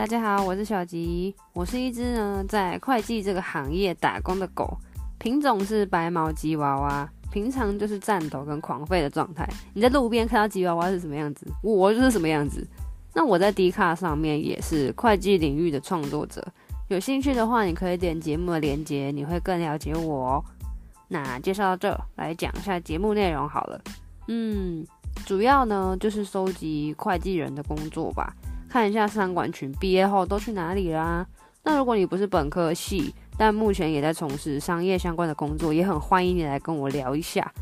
大家好，我是小吉，我是一隻呢在會計這個行業打工的狗，品種是白毛吉娃娃，平常就是戰鬥跟狂吠的狀態。你在路邊看到吉娃娃是什麼樣子，我就是什麼樣子。那我在 D 卡上面也是會計領域的創作者，有興趣的話，你可以點節目的連接，你會更了解我哦。那介紹到這，來講一下節目內容好了。嗯，主要呢就是收集會計人的工作吧。看一下商管群畢業後都去哪裡啦。那如果你不是本科系，但目前也在從事商業相關的工作，也很歡迎你來跟我聊一下。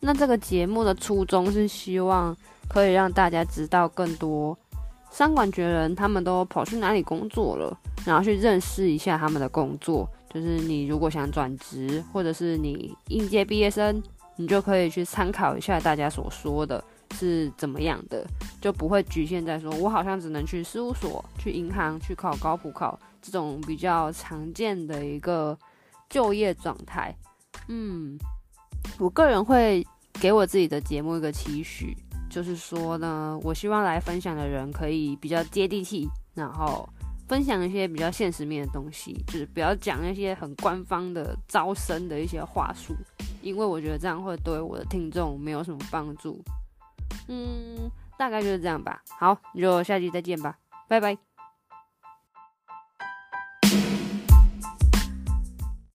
那這個節目的初衷是希望可以讓大家知道更多商管群人他們都跑去哪裡工作了，然後去認識一下他們的工作。就是你如果想轉職，或者是你應屆畢業生，你就可以去參考一下大家所說的，是怎麼樣的，就不會局限在說我好像只能去事務所、去銀行、去考高普考這種比較常見的一個就業狀態。嗯，我個人會給我自己的節目一個期許，就是說呢，我希望來分享的人可以比較接地氣，然後分享一些比較現實面的東西，就是不要講一些很官方的招生的一些話術，因為我覺得這樣會對我的聽眾沒有什麼幫助。嗯，大概就是這樣吧。好，那就下期再見吧，拜拜。